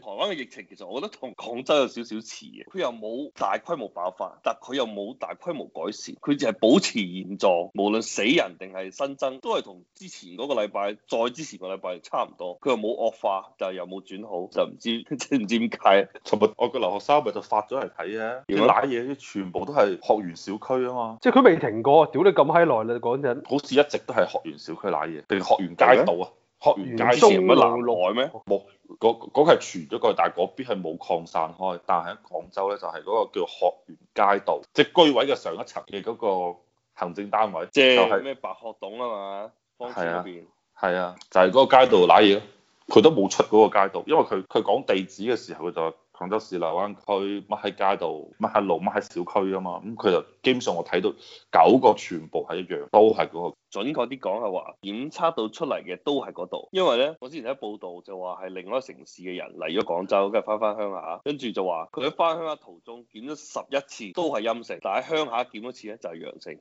台灣嘅疫情其實我覺得同廣州有少少似嘅，佢又冇大規模爆發，但佢又冇大規模改善，佢就係保持現狀，無論死人定係新增都係同之前嗰個禮拜再之前個禮拜差唔多，佢又冇惡化，但又冇轉好，就唔知知唔知點解？尋日我個留學生咪就發咗嚟睇啊，要拉嘢全部都係學園小區啊嘛，即係佢未停過，屌你咁閪耐你講真，好似一直都係學園小區拉嘢定學園街道啊？學園街唔係乜難耐咩？冇，嗰嗰、那個係傳咗過去，但係嗰邊係冇擴散開。但係喺廣州咧，就係、是、嗰個叫學園街道，即、就、係、是、居委嘅上一層嘅嗰個行政單位，即係咩白鶴洞啊嘛，芳村嗰邊。係啊,啊，就係、是、嗰個街道瀨嘢咯。佢、那個、都冇出嗰個街道，因為佢佢講地址嘅時候，佢就。廣州市荔灣區，乜喺街道，乜喺路，乜喺小區㗎嘛，咁佢就基本上我睇到九個全部係一樣，都係嗰個準確啲講，係話檢測到出嚟嘅都係嗰度，因為咧我之前喺報道就話係另外一個城市嘅人嚟咗廣州，跟住翻翻鄉下，跟住就話佢喺翻鄉下途中檢咗十一次都係陰性，但喺鄉下檢一次咧就係陽性，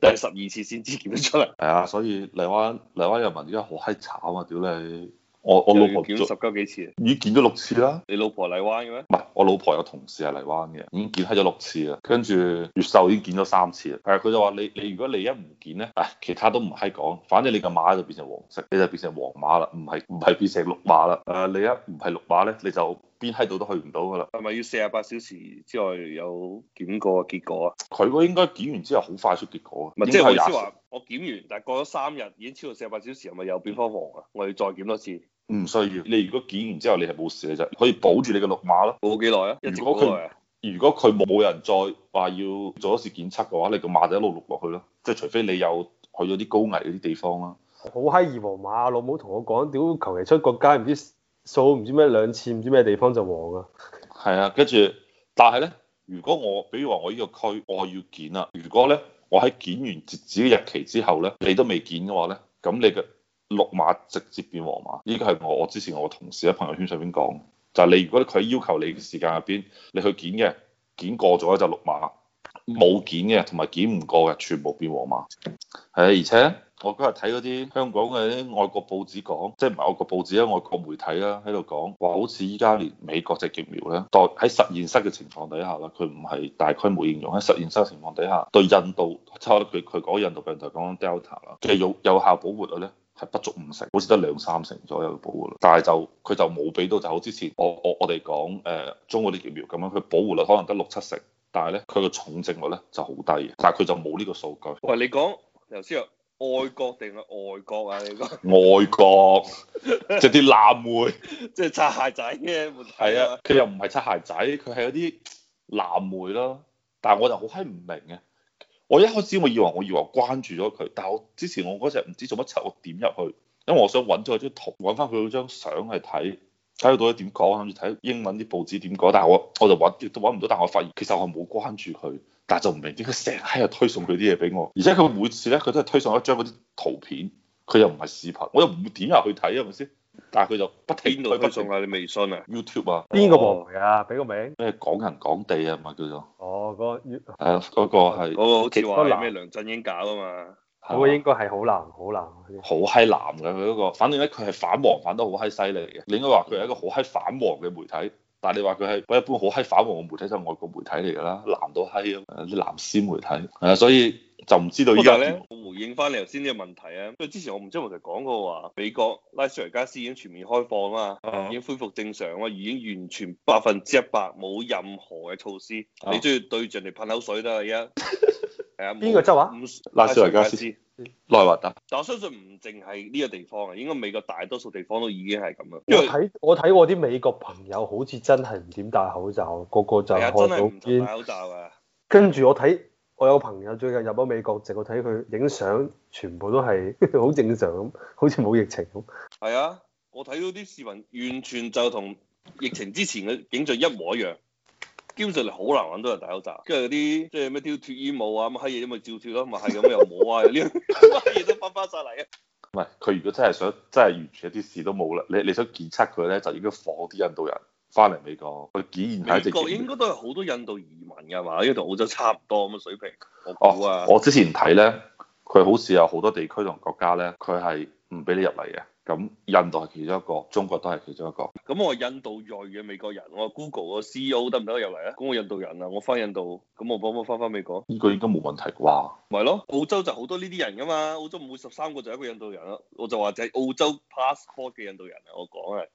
係十二次先至檢得出嚟。係啊，所以荔灣，荔灣人民而家好閪慘啊，屌你！我我老婆檢咗十九幾次，已經檢咗六次啦。你老婆荔灣嘅咩？唔係，我老婆有同事係荔灣嘅，已經檢咗六次啦。跟住越秀已經檢咗三次啦。誒，佢就話你你如果你一唔檢咧，誒，其他都唔係講，反正你個碼就變成黃色，你就變成黃碼啦，唔係唔係變成綠碼啦。誒，你一唔係綠碼咧，你就邊喺度都去唔到噶啦。係咪要四十八小時之外有檢過結果啊？佢應該檢完之後好快出結果啊。唔係，即係頭先話我檢完，但係過咗三日已經超過四十八小時，係咪又變返黃啊？我要再檢多次。唔需要，嗯、你如果檢完之後你係冇事嘅，就可以保住你嘅綠碼咯。保幾耐啊？如果佢、啊、如果佢冇人再話要做一次檢測嘅話，你個碼就一路錄落去咯。即係除非你有去咗啲高危嗰啲地方啦。好閪易黃碼，老母同我講，屌求其出個街，唔知掃唔知咩兩次，唔知咩地方就黃噶。係啊，跟住，但係咧，如果我比如話我呢個區我要檢啦，如果咧我喺檢完截止嘅日期之後咧，你都未檢嘅話咧，咁你嘅。綠馬直接變黃馬，呢個係我之前我同事喺朋友圈上面講，就係你如果佢要求你嘅時間入邊，你去檢嘅，檢過咗就綠馬，冇檢嘅同埋檢唔過嘅全部變黃馬。係啊，而且我今日睇嗰啲香港嘅啲外國報紙講，即係唔係外國報紙咧，外國媒體啦喺度講話，好似依家連美國隻疫苗咧，代喺實驗室嘅情況底下啦，佢唔係大規模應用喺實驗室嘅情況底下，對印度差佢佢講印度病毒就講 Delta 啦嘅有有效保護率咧。不足五成，好似得兩三成左右嘅保護率，但係就佢就冇俾到，就好似之前我我我哋講誒中國嗰啲疫苗咁樣，佢保護率可能得六七成，但係咧佢個重症率咧就好低嘅，但係佢就冇呢個數據。喂，你講頭先愛國定係外國啊？你講外國即係啲藍莓，即係擦鞋仔嘅問題。係啊，佢、啊、又唔係擦鞋仔，佢係嗰啲藍莓咯。但係我就好閪唔明嘅。我一開始我以為我以為我關注咗佢，但係我之前我嗰陣唔知做乜柒，我點入去，因為我想揾咗佢張圖，揾翻佢嗰張相去睇，睇到佢點講，諗住睇英文啲報紙點講，但係我我就揾都揾唔到，但係我發現其實我冇關注佢，但係就唔明點解成日推送佢啲嘢俾我，而且佢每次咧佢都係推送一張嗰啲圖片，佢又唔係視頻，我又唔會點入去睇係咪先？是但係佢就不停到去推送啦，停你微信啊、YouTube 啊，邊、哦、個媒體啊？俾個名咩港人港地啊？咪叫做哦、那個 y o u t 嗰個係嗰個好似話係咩？梁振英搞啊嘛？個應該吧個應該係好藍好藍，好閪藍㗎！佢嗰、啊那個，反正咧佢係反黃反得好閪犀利嘅，你應該話佢係一個好閪反黃嘅媒體。但係你話佢係嗰一般好閪反黃嘅媒體，就係外國媒體嚟㗎啦，藍到閪咁，啲藍絲媒體係啊，所以。就唔知道而家。咁咧，我回應翻你頭先啲問題啊。因為之前我唔知我哋講過話美國拉斯維加斯已經全面開放啦，已經恢復正常啦，已經完全百分之一百冇任何嘅措施。你中意對住人哋噴口水得啦。係啊。邊個州啊？拉斯維加斯，內華達。但我相信唔淨係呢個地方啊，應該美國大多數地方都已經係咁樣。因為睇我睇我啲美國朋友好似真係唔點戴口罩，個個就真係唔戴口罩啊。跟住我睇。我有個朋友最近入咗美國籍，我睇佢影相，全部都係好正常咁，好似冇疫情咁。係啊，我睇到啲視頻，完全就同疫情之前嘅景象一模一樣。基本上你好難揾到人戴口罩，跟住嗰啲即係咩跳脫衣舞啊乜閪嘢，咁咪照跳咯，咪係咁又冇啊，啲乜嘢都翻翻晒嚟啊！唔係，佢 如果真係想真係完全一啲事都冇啦，你你想檢測佢咧，就應該放啲印度人。翻嚟美國，佢竟然係美國。應該都係好多印度移民㗎嘛，因為同澳洲差唔多咁嘅水平。我啊、哦，我之前睇咧，佢好似有好多地區同國家咧，佢係唔俾你入嚟嘅。咁印度係其中一個，中國都係其中一個。咁、嗯、我印度裔嘅美國人，我 Google 個 CEO 得唔得入嚟啊？咁我、嗯、我印度人啊，我翻印度，咁、嗯、我可唔可翻翻美國？呢個應該冇問題啩。咪係咯，澳洲就好多呢啲人㗎嘛，澳洲唔每十三個就一個印度人咯。我就話就係澳洲 passport 嘅印度人嚟，我講係。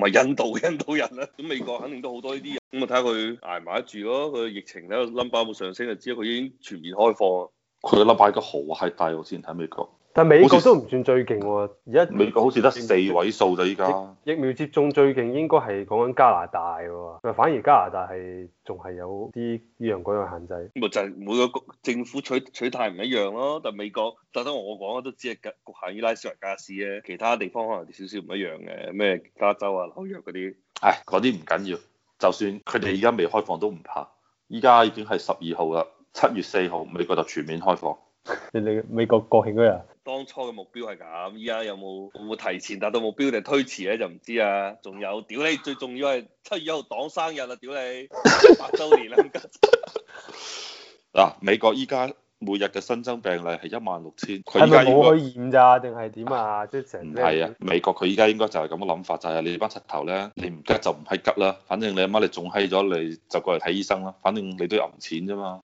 咪印度印度人啦，咁美國肯定都好多呢啲人，咁啊睇下佢挨唔挨得住咯。佢疫情咧，number 冇上升就知佢已經全面開放。佢個 number 嘅豪係大喎，之前睇美國。但美國好似都唔算最勁喎，而家美國好似得四位數咋。依家疫苗接種最勁應該係講緊加拿大喎、啊，反而加拿大係仲係有啲依樣嗰樣限制。咪就係每個政府取取態唔一樣咯。但美國，特登我講啊，都只係局限於拉斯維加斯啫，其他地方可能少少唔一樣嘅咩加州啊、紐約嗰啲。唉，嗰啲唔緊要，就算佢哋而家未開放都唔怕。依家已經係十二號啦，七月四號美國就全面開放你。你美國國慶嗰日？當初嘅目標係咁，依家有冇會唔會提前達到目標定係推遲咧？就唔知啊。仲有屌你，最重要係七月一號黨生日啦、啊，屌你八周年啦。嗱，美國依家每日嘅新增病例係一萬六千，佢係咪冇去驗咋？定係點啊？即係成唔係啊？美國佢依家應該就係咁嘅諗法，就係、是、你班柒頭咧，你唔急就唔閪急啦，反正你阿媽你仲閪咗，你就過嚟睇醫生啦，反正你都入唔錢啫嘛。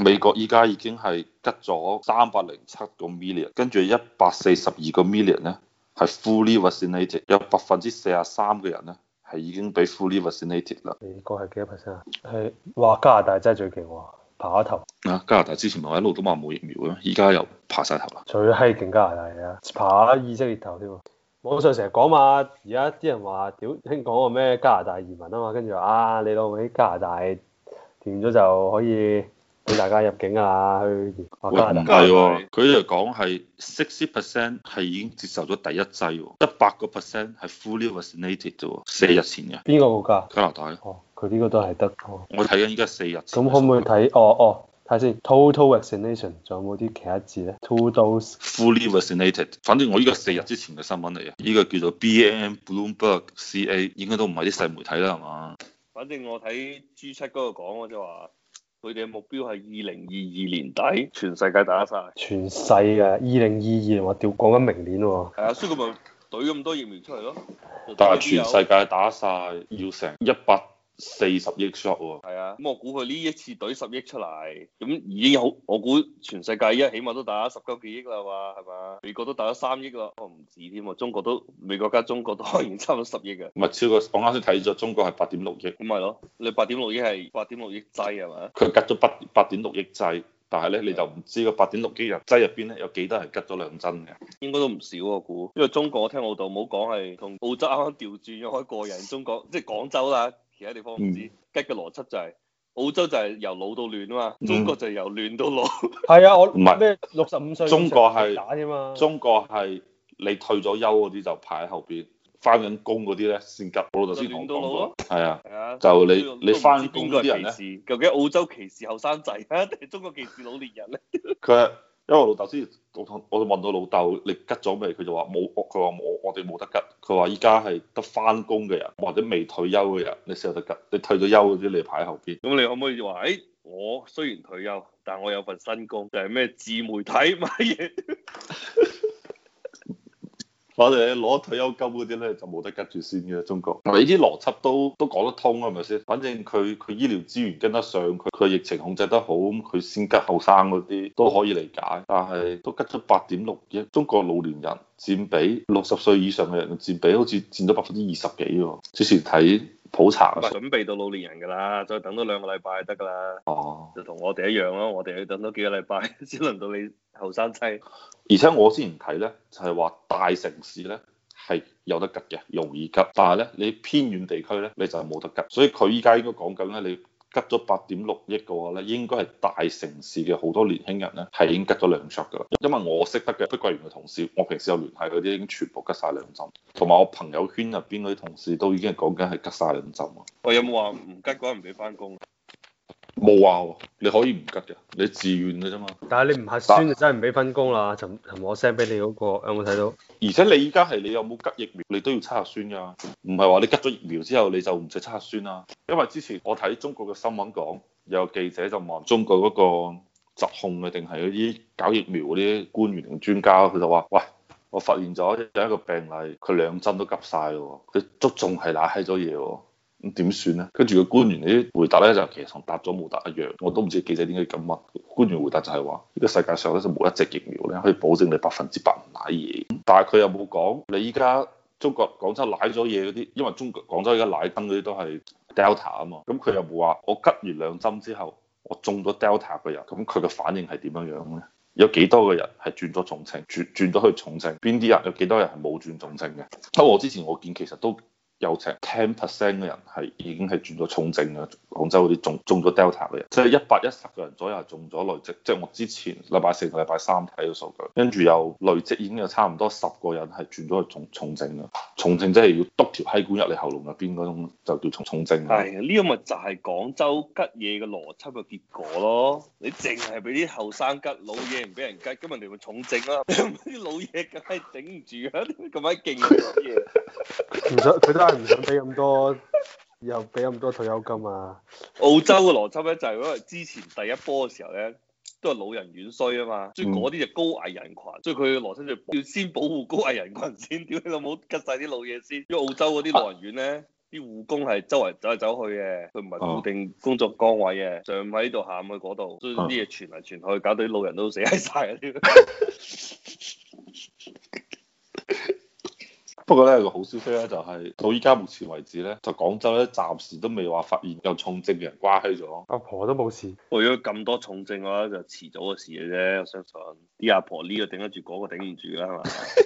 美國依家已經係吉咗三百零七個 million，跟住一百四十二個 million 咧係 fully vaccinated，有百分之四十三嘅人咧係已經俾 fully vaccinated 啦。美國係幾多 percent 啊？係哇！加拿大真係最勁喎，爬下頭。啊！加拿大之前咪一路都話冇疫苗嘅咩？依家又爬晒頭啦。最閪勁加拿大啊！爬以色列頭添啊！網上成日講嘛，而家啲人話：屌，聽講個咩加拿大移民啊嘛，跟住啊，你老母喺加拿大掂咗就可以。俾大家入境啊，去加拿大。佢唔係，佢嚟講係 sixty percent 係已經接受咗第一劑，一百個 percent 係 fully vaccinated 咋喎？四日前嘅。邊個國家？加拿大。哦。佢呢個都係得。哦。我睇緊依家四日前嘅。咁可唔可以睇？哦哦，睇先。Total vaccination，仲有冇啲其他字咧？Two doses，fully vaccinated。反正我依個四日之前嘅新聞嚟嘅，呢、呢個叫做 B N N Bloomberg C A，應該都唔係啲細媒體啦，係嘛？反正我睇 G 七嗰個講即係話。佢哋嘅目標係二零二二年底全世界打曬。全世界二零二二話屌，講緊明年喎。係啊，所以佢咪攞咁多疫苗出嚟咯。但係全世界打曬要成一百。四十億 shot 喎，係啊，咁我估佢呢一次懟十億出嚟，咁已經有我估全世界一，起碼都打咗十九幾億啦嘛，係嘛？美國都打咗三億啦，我唔止添，中國都美國加中國都可能差唔多十億嘅。唔係超過，我啱先睇咗中國係八點六億，咁咪咯。你八點六億係八點六億劑係嘛？佢吉咗八八點六億劑，但係咧的你就唔知個八點六億入劑入邊咧有幾多係吉咗兩針嘅。應該都唔少我估，因為中國我聽老豆冇好講係同澳洲啱啱調轉咗開個人，中國即係廣州啦。其他地方唔知，吉嘅邏輯就係澳洲就係由老到嫩啊嘛，中國就係由嫩到老。係啊，我唔係咩六十五歲？中國係打㖏嘛？中國係你退咗休嗰啲就排喺後邊，翻緊工嗰啲咧先急到老豆先同我講過。係啊，就你你翻工嗰啲人咧，究竟澳洲歧視後生仔定係中國歧視老年人咧？佢。因為我老豆先，我我問到老豆，你吉咗未？佢就話冇，佢話我我哋冇得吉。佢話依家係得返工嘅人或者未退休嘅人，你先有得吉。你退咗休嗰啲，你排喺後邊。咁你可唔可以話？誒、欸，我雖然退休，但我有份新工，就係、是、咩自媒體買嘢。 我哋攞退休金嗰啲咧就冇得吉住先嘅，中國咪呢啲邏輯都都講得通啊，係咪先？反正佢佢醫療資源跟得上，佢佢疫情控制得好，佢先吉後生嗰啲都可以理解，但係都吉咗八點六億，中國老年人佔比六十歲以上嘅人嘅佔比好似佔咗百分之二十幾喎、哦，之前睇。普查啊，準備到老年人㗎啦，再等多兩個禮拜得㗎啦。哦，啊、就同我哋一樣咯，我哋要等多幾個禮拜先輪到你後生仔。而且我之前睇咧，就係話大城市咧係有得急嘅，容易急，但係咧你偏遠地區咧你就係冇得急。所以佢依家應該講緊咧你。急咗八點六億嘅話咧，應該係大城市嘅好多年輕人咧，係已經急咗兩 shot 噶啦。因為我識得嘅碧桂園嘅同事，我平時有聯繫嗰啲，已經全部吉晒兩針，同埋我朋友圈入邊嗰啲同事都已經係講緊係吉晒兩針啊。喂，有冇話唔吉嘅話唔俾翻工？冇話你可以唔急嘅，你自願嘅啫嘛。但係你唔核酸就真係唔俾返工啦。同尋但我 send 俾你嗰個有冇睇到？而且你依家係你有冇急疫苗，你都要測核酸㗎。唔係話你急咗疫苗之後你就唔使測核酸啦。因為之前我睇中國嘅新聞講，有記者就問中國嗰個疾控嘅定係嗰啲搞疫苗嗰啲官員同專家，佢就話：「喂，我發現咗有一個病例佢兩針都急曬咯，佢都仲係拉閪咗嘢喎。咁點算咧？跟住個官員啲回答咧，就其實同答咗冇答一樣。我都唔知記者點解咁問官員回答就，就係話呢個世界上咧就冇一隻疫苗咧可以保證你百分之百唔攬嘢。但係佢又冇講你依家中國廣州攬咗嘢嗰啲，因為中國廣州依家攬緊嗰啲都係 Delta 啊嘛。咁佢又冇話我拮完兩針之後，我中咗 Delta 嘅人，咁佢嘅反應係點樣樣呢？有幾多個人係轉咗重症，轉轉咗去重症？邊啲人有幾多人係冇轉重症嘅？不過我之前我見其實都。有成 ten percent 嘅人係已經係轉咗重症啦，廣州嗰啲中中咗 Delta 嘅人，即係一百一十個人左右係中咗累積，即係我之前禮拜四同禮拜三睇嘅數據，跟住又累積已經有差唔多十個人係轉咗去重重症啦，重症即係要督條氣管入你喉嚨入邊嗰種，就叫重重症。係， 呢個咪就係廣州吉嘢嘅邏輯嘅結果咯，你淨係俾啲後生吉老嘢唔俾人吉。咁咪條會重症啦，啲老嘢梗係頂唔住啦，咁鬼勁嘅嘢。唔使佢真唔 想俾咁多又俾咁多退休金啊！澳洲嘅邏輯咧就係因為之前第一波嘅時候咧，都係老人院衰啊嘛，所以嗰啲就高危人群。所以佢嘅邏輯就係要先保護高危人群先，屌你老母，吉晒啲老嘢先。因為澳洲嗰啲老人院咧，啲、啊、護工係周圍走嚟走去嘅，佢唔係固定工作崗位嘅，上午喺度，下午去嗰度，所以啲嘢傳嚟傳去，搞到啲老人都死曬。 不過咧有個好消息咧就係、是、到依家目前為止咧，就廣州咧暫時都未話發現有重症嘅人瓜稀咗。阿婆都冇事。如果咁多重症嘅話，就遲早嘅事嘅啫。我相信啲阿婆呢個頂得住，嗰、那個頂唔住啦，係嘛？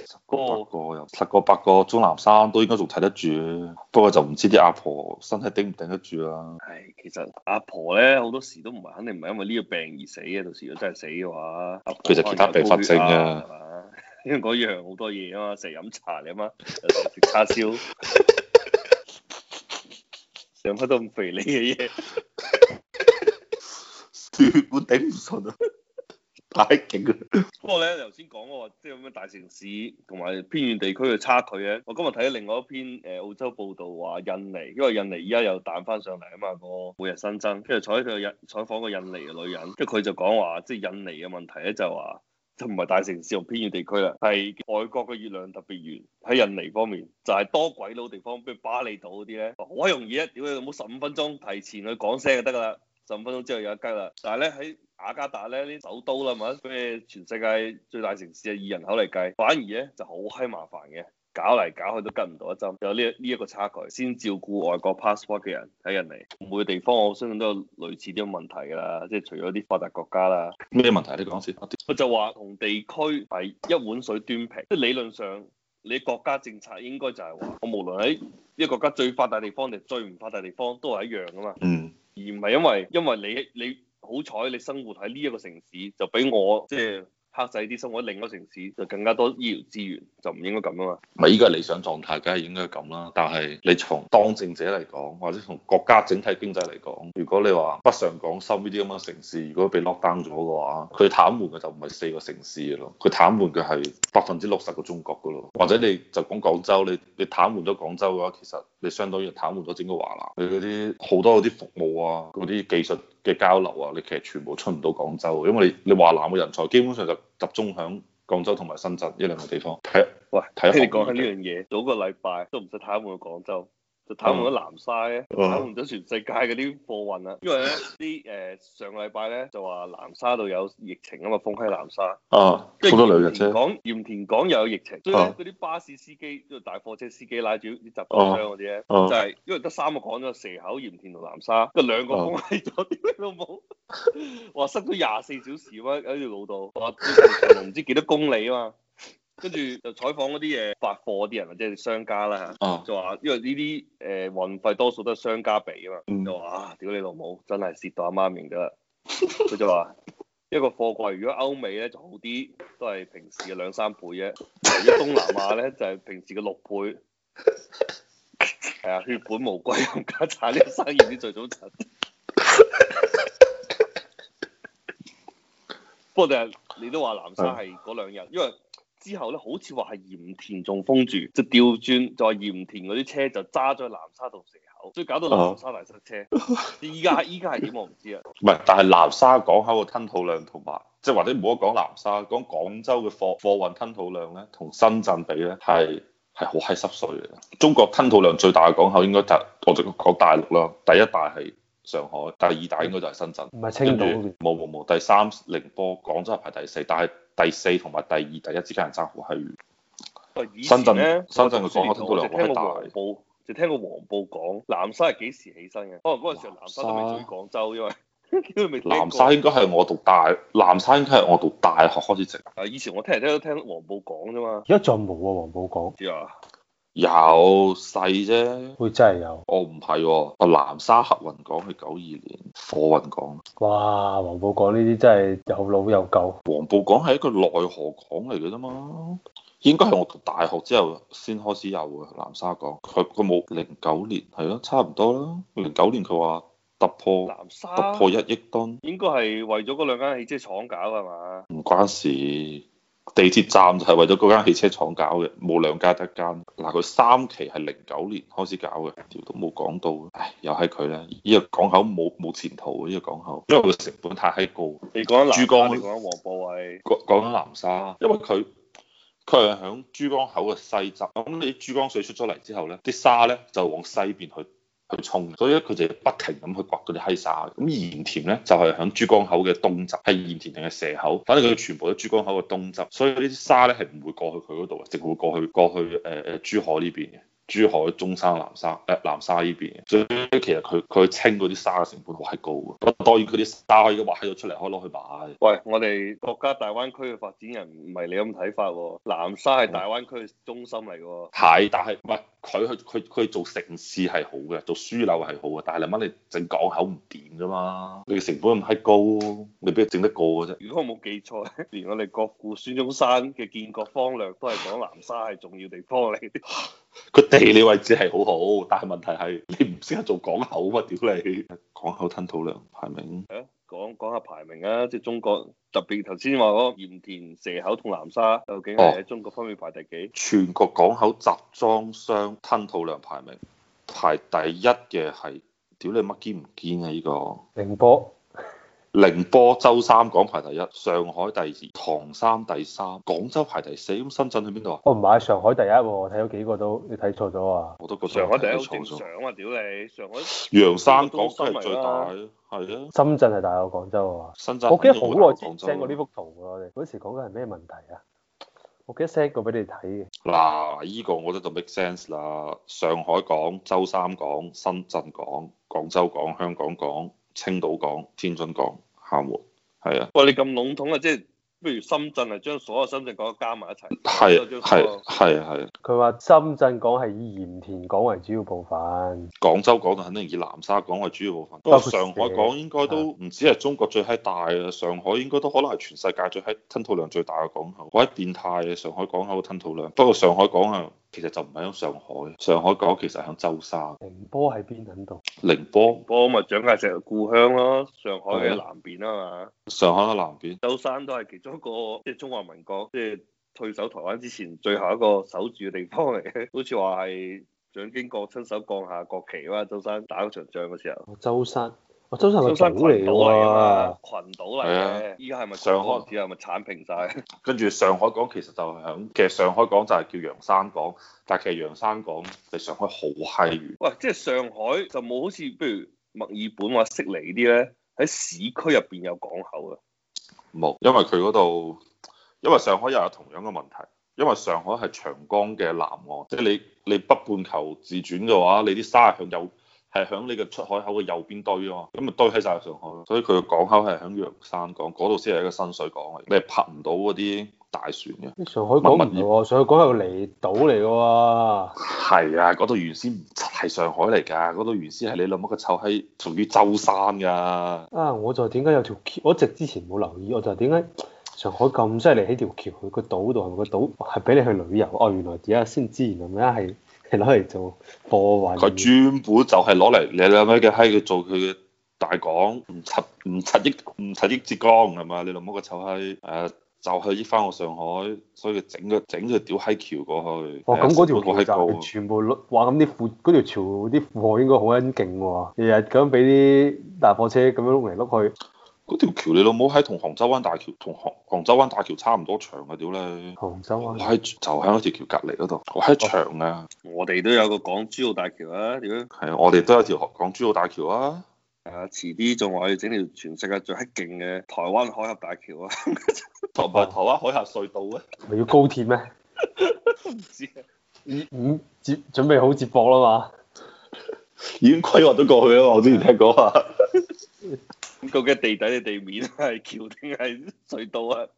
十個八個又十我個八個鍾南山都應該仲睇得住，不過就唔知啲阿婆身體頂唔頂得住啦。唉，其實阿婆咧好多時都唔係，肯定唔係因為呢個病而死嘅。到時如果真係死嘅話，其實其他病發症啊。因為嗰樣好多嘢啊嘛，成日飲茶嚟啊嘛，又食叉燒，成日 都咁肥膩嘅嘢，血管頂唔順啊，太勁啦！不過咧，頭先講我即係咁樣大城市同埋偏遠地區嘅差距咧，我今日睇另外一篇誒澳洲報道話印尼，因為印尼而家又彈翻上嚟啊嘛，個每日新增，跟住坐喺度印採訪個印尼嘅女人，跟住佢就講話，即係印尼嘅問題咧就話、是。就唔係大城市同偏遠地區啦，係外國嘅月亮特別圓。喺印尼方面，就係多鬼佬地方，比如巴厘島嗰啲咧，好容易啊！屌你老母，十五分鐘提前去講聲就得噶啦，十五分鐘之後有一吉啦。但係咧喺雅加達咧，啲首都啦，或者咩全世界最大城市啊，以人口嚟計，反而咧就好閪麻煩嘅。搞嚟搞去都跟唔到一針，有呢呢一個差距。先照顧外國 passport 嘅人喺人嚟，每個地方我相信都有類似啲問題啦。即係除咗啲發達國家啦，咩問題啊？你講先，我就話同地區係一碗水端平，即理論上你國家政策應該就係、是、話，我無論喺呢個國家最發達地方定最唔發達地方都係一樣噶嘛。嗯。而唔係因為因為你你好彩你，你生活喺呢一個城市，就俾我即係。黑仔啲生活，喺另一個城市就更加多醫療資源，就唔應該咁啊嘛。咪依個理想狀態，梗係應該咁啦。但係你從當政者嚟講，或者從國家整體經濟嚟講，如果你話北上廣深呢啲咁嘅城市，如果被 lock down 咗嘅話，佢壘緩癱瘓嘅就唔係四個城市嘅咯，佢癱瘓嘅係百分之六十個中國咯。或者你就講廣州，你你癱瘓咗廣州嘅話，其實你相當於癱瘓咗整個華南，佢嗰啲好多嗰啲服務啊，嗰啲技術嘅交流啊，你其實全部出唔到廣州，因為你你華南嘅人才基本上就集中喺廣州同埋深圳呢兩個地方。睇下，睇下呢樣嘢，早一個禮拜都唔使睇下我廣州。就癱瘓咗南沙咧，癱瘓咗全世界嗰啲貨運啊。因為咧啲誒上個禮拜咧就話南沙度有疫情啊嘛，封喺南沙。啊，即係好多兩日啫。港鹽田港又有疫情，所以嗰啲、啊、巴士司機、嗰啲大貨車司機、拉住啲集裝箱嗰啲咧，啊、就係、是、因為得三個港啫，蛇口、鹽田同南沙，兩個兩個封起咗，啲嘢都冇。話、啊、 塞咗廿四小時啊，喺條路度，話長龍唔知幾多公里啊嘛。跟住就採訪嗰啲嘢，發貨嗰啲人或者係商家啦嚇，就話、uh。因為呢啲誒運費多數都係商家俾啊嘛，就話、是、屌、啊、你老母，真係蝕到阿媽明嘅啦。佢 就話一個貨櫃如果歐美咧就好啲，都係平時嘅兩三倍啫，如、就、果、是、東南亞咧就係、是、平時嘅六倍。係啊，血本無歸，冚家產呢個生意你最早賺。不過第日你都話南沙係嗰兩日，因為。之後咧，好似話係鹽田仲封住，就調轉就話鹽田嗰啲車就揸咗去南沙道蛇口，所以搞到南沙大塞車。而家係依家係點我唔知啊。唔 係，但係南沙港口嘅吞吐量同埋，即係或者唔好講南沙，講廣州嘅貨貨運吞吐量咧，同深圳比咧，係係好閪濕水嘅。中國吞吐量最大嘅港口應該大、就係，我哋講大陸啦，第一大係上海，第二大應該就係深圳。唔係青島。冇冇冇，第三寧波，廣州係排第四，但係。第四同埋第二、第一之間人爭好係，深圳咧，深圳嘅房客天數量好就聽過黃埔講南沙係幾時起身嘅？山哦，嗰、那、陣、個、時候南沙未在廣州，因為未。為南沙應該係我讀大，南沙應該係我讀大學開始整。啊！以前我聽日聽都聽黃埔講啫嘛。而家仲冇啊，黃埔講。知啊。有細啫，佢真係有？我唔係，啊、哦哦哦，南沙客運港係九二年貨運港。哇，黃埔港呢啲真係有老有舊。黃埔港係一個內河港嚟嘅啫嘛，應該係我讀大學之後先開始有嘅南沙港。佢佢冇零九年，係咯，啊，差唔多啦。零九年佢話突破南沙突破一億噸，應該係為咗嗰兩間汽車廠搞係嘛？唔關事。地鐵站就係為咗嗰間汽車廠搞嘅，冇兩間得一間。嗱，佢三期係零九年開始搞嘅，條都冇講到。唉，又係佢咧，呢個港口冇冇前途嘅，呢個港口，因為佢成本太閪高。你講緊珠江，你講緊黃埔係，講講緊南沙，因為佢佢係響珠江口嘅西側。咁你珠江水出咗嚟之後咧，啲沙咧就往西邊去。去沖，所以咧佢哋不停咁去刮嗰啲閪沙。咁鹽田咧就係、是、喺珠江口嘅東側，係鹽田定係蛇口，反正佢全部都珠江口嘅東側。所以呢啲沙咧係唔會過去佢嗰度嘅，淨會過去過去誒誒珠海呢邊嘅，珠海中山南沙誒、呃、南沙呢邊嘅。所以其實佢佢清嗰啲沙嘅成本好係高嘅。當然佢啲沙已經挖喺度出嚟，可以攞去賣。喂，我哋國家大灣區嘅發展人唔係你咁睇法喎？南沙係大灣區嘅中心嚟嘅喎。係，但係係。佢去佢佢做城市係好嘅，做樞紐係好嘅，但係你媽你整港口唔掂㗎嘛，你嘅成本咁閪高，你邊度整得過嘅啫？如果我冇記錯咧，連我哋國父孫中山嘅建國方略都係講南沙係重要地方嚟。佢 地理位置係好好，但係問題係你唔識得做港口啊！屌你，你，港口吞吐量排名。是講講下排名啊！即係中國特別頭先話嗰鹽田、蛇口同南沙，究竟係喺中國方面排第幾？哦、全國港口集裝箱吞吐量排名排第一嘅係，屌你乜堅唔堅啊、這個？呢個寧波。寧波、舟山港排第一，上海第二，唐山第三，廣州排第四。咁深圳去邊度啊？我唔係上海第一喎，我睇咗幾個都。你睇錯咗啊！我都覺得上海第一。上海好正常啊！屌你，上海。楊三港係最大，係啊。深圳係大過廣州啊？深圳。我記得好耐之前 send 過呢幅圖嘅，嗰時講嘅係咩問題啊？我記得 send 過俾你睇嘅。嗱，依個我覺得就 make sense 啦。上海港、舟山港、深圳港、廣州港、香港港、青島港、天津港、廈門，係啊。喂，你咁籠統啊，即係，不如深圳係將所有深圳港加埋一齊。係啊，係啊，係啊，係啊。佢話深圳港係以鹽田港為主要部分，廣州港就肯定以南沙港為主要部分。不過上海港應該都唔止係中國最閪大啊，上海應該都可能係全世界最閪吞吐量最大嘅港口。好閪變態嘅上海港口嘅吞吐量。不過上海港啊。其實就唔喺響上海，上海講其實係響舟山。寧波喺邊度？寧波，寧波咪蔣介石嘅故鄉咯，上海嘅南邊啦嘛。上海嘅南邊，舟山都係其中一個即係、就是、中華民國即係、就是、退守台灣之前最後一個守住嘅地方嚟嘅，好似話係蔣經國親手降下國旗啊嘛，舟山打咗場仗嘅時候。舟山。舟山，舟山群島嚟啊，群島嚟嘅。依家係咪上海市啊？咪鏟平晒？跟住上海港其實就係響，其實上海港就係叫洋山港，但係其實洋山港離上海好閪遠。喂，即係上海就冇好似，譬如墨爾本或悉尼啲咧，喺市區入邊有港口啊？冇，因為佢嗰度，因為上海又有同樣嘅問題，因為上海係長江嘅南岸，即係你你北半球自轉嘅話，你啲沙向右。係喺你嘅出海口嘅右邊堆啊嘛，咁啊堆喺晒上海，所以佢嘅港口係喺洋山港，嗰度先係一個深水港啊，你係泊唔到嗰啲大船嘅。上海港唔，上海港係個離島嚟嘅喎。係啊，嗰度、啊、原先唔係上海嚟㗎，嗰度原先係你諗乜嘅臭閪屬於舟山㗎。啊，我就點解有條橋？我一直之前冇留意，我就點解上海咁犀利起條橋去，個島度係咪？個島係俾你去旅遊？哦、啊，原來而家先知原來咩係。佢攞嚟做波運，佢專本就係攞嚟你老味嘅閪，佢做佢嘅大港，唔七唔七億唔七億浙江係嘛？你老母個臭閪，誒、呃、就去益翻去上海，所以佢整咗整咗條屌閪橋過去。哇、哦！咁嗰、哦嗯、條橋全部哇咁啲負嗰條橋啲負荷應該好撚勁喎，日日咁俾啲大貨車咁樣碌嚟碌去。嗰條橋你老母喺同杭州灣大橋同杭杭州灣大橋差唔多長啊屌你！杭州灣就喺嗰條橋隔離嗰度，我係長啊！我哋都有個港珠澳大橋啊！點樣？係啊，我哋都有條港珠澳大橋啊！係啊，遲啲仲話要整條全世界最黑勁嘅台灣海峽大橋啊！同 台灣海峽隧道啊！咪、哦、 要高鐵咩？唔 知啊道！二五接準備好接駁啦嘛！ 已經規劃都過去啊。我之前聽講話。咁究竟地底定地面，係橋定係隧道啊？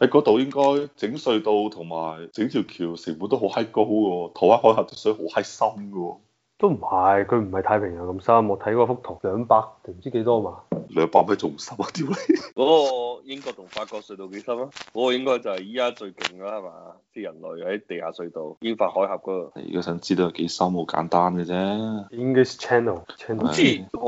喺嗰度應該整隧道同埋整條橋成本都好閪高嘅，台灣海峽啲水好閪深嘅。都唔係，佢唔係太平洋咁深。我睇嗰幅圖，兩百定唔知幾多嘛？兩百米仲唔深啊？屌你！嗰個英國同法國隧道幾深啊？嗰個應該就係依家最勁㗎啦，係嘛？啲人類喺地下隧道，英法海峽嗰度。你如果想知道有幾深，好簡單嘅啫。English Channel，Channel 係，好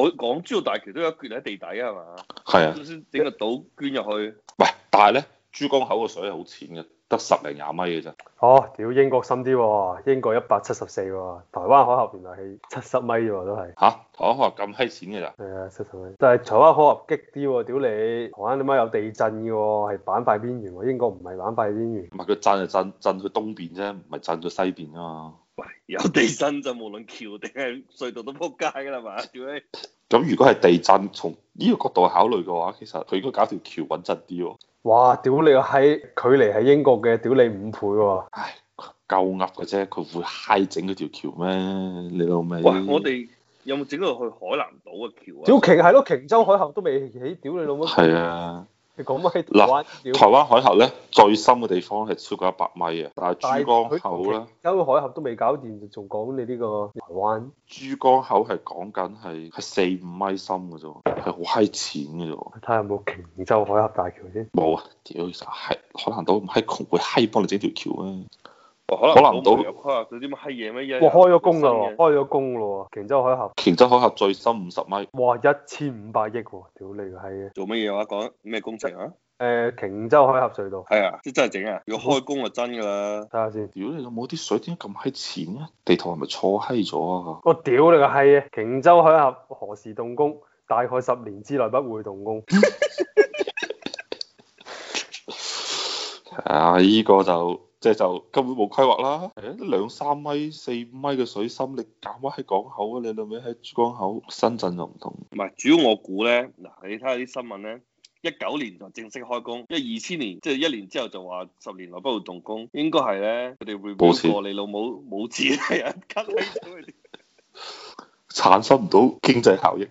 似港珠澳大橋都有一段喺地底啊，係嘛？係啊。咁先整個島鑽入去。喂，但係咧，珠江口嘅水係好淺嘅。得十零廿米嘅啫。哦，屌英哦，英國深啲，英國一百七十四，台灣海峽原來係七十米啫，都係。嚇、啊，台灣海峽咁閪淺嘅咋？係啊，七十米，但係台灣海峽激啲喎、哦，屌你，台灣點解有地震嘅喎、哦，係板塊邊緣喎、哦，英國唔係板塊邊緣。唔係，佢震就震，震佢東邊啫，唔係震佢西邊啊嘛。喂，有地震就無論橋定係隧道都仆街㗎啦嘛，屌你。咁如果係地震，從呢個角度考慮嘅話，其實佢應該搞條橋穩陣啲。哇！屌你個閪，距離喺英國嘅屌你五倍喎、啊！唉，夠噏嘅啫，佢會嗨整嗰條橋咩？你老味！喂，我哋有冇整到去海南島嘅橋啊？屌瓊係咯，瓊州海峽都未起，屌你老母！係啊。咁咪嗱，台灣，台灣海峽咧最深嘅地方係超過一百米啊，但係珠江口咧，瓊州海峽都未搞掂，仲講你呢個台灣珠江口係講緊係係四五米深嘅啫，係好閪淺嘅啫，睇下有冇瓊州海峽大橋先，冇啊，屌其實係海南島唔閪窮，會閪幫你整條橋啊。可能到啊！做啲乜閪嘢咩？哇！開咗工啦，開咗工咯，瓊州海峽。瓊州海峽最深五十米。哇！一千五百億喎，屌你個閪嘅！做乜嘢話？講咩工程啊？誒、呃，瓊州海峽隧道。係啊，即真係整啊！如果開工就真噶啦。睇下先，屌你個冇啲水點解咁閪淺啊？地圖係咪錯閪咗啊？我屌你個閪嘅！瓊州海峽何時動工？大概十年之內不會動工。 啊！依、這個就。即係就根本冇規劃啦，兩三米，四五米嘅水深，你搞乜喺港口啊？你老味喺珠江口，深圳就唔同。唔係，主要我估咧，嗱你睇下啲新聞咧，一九年就正式開工，一二千年即係，就是，一年之後就話十年內不會動工，應該係咧，佢哋會冇錢。你老母冇錢係啊，坑你！沒事 產生唔到經濟效益。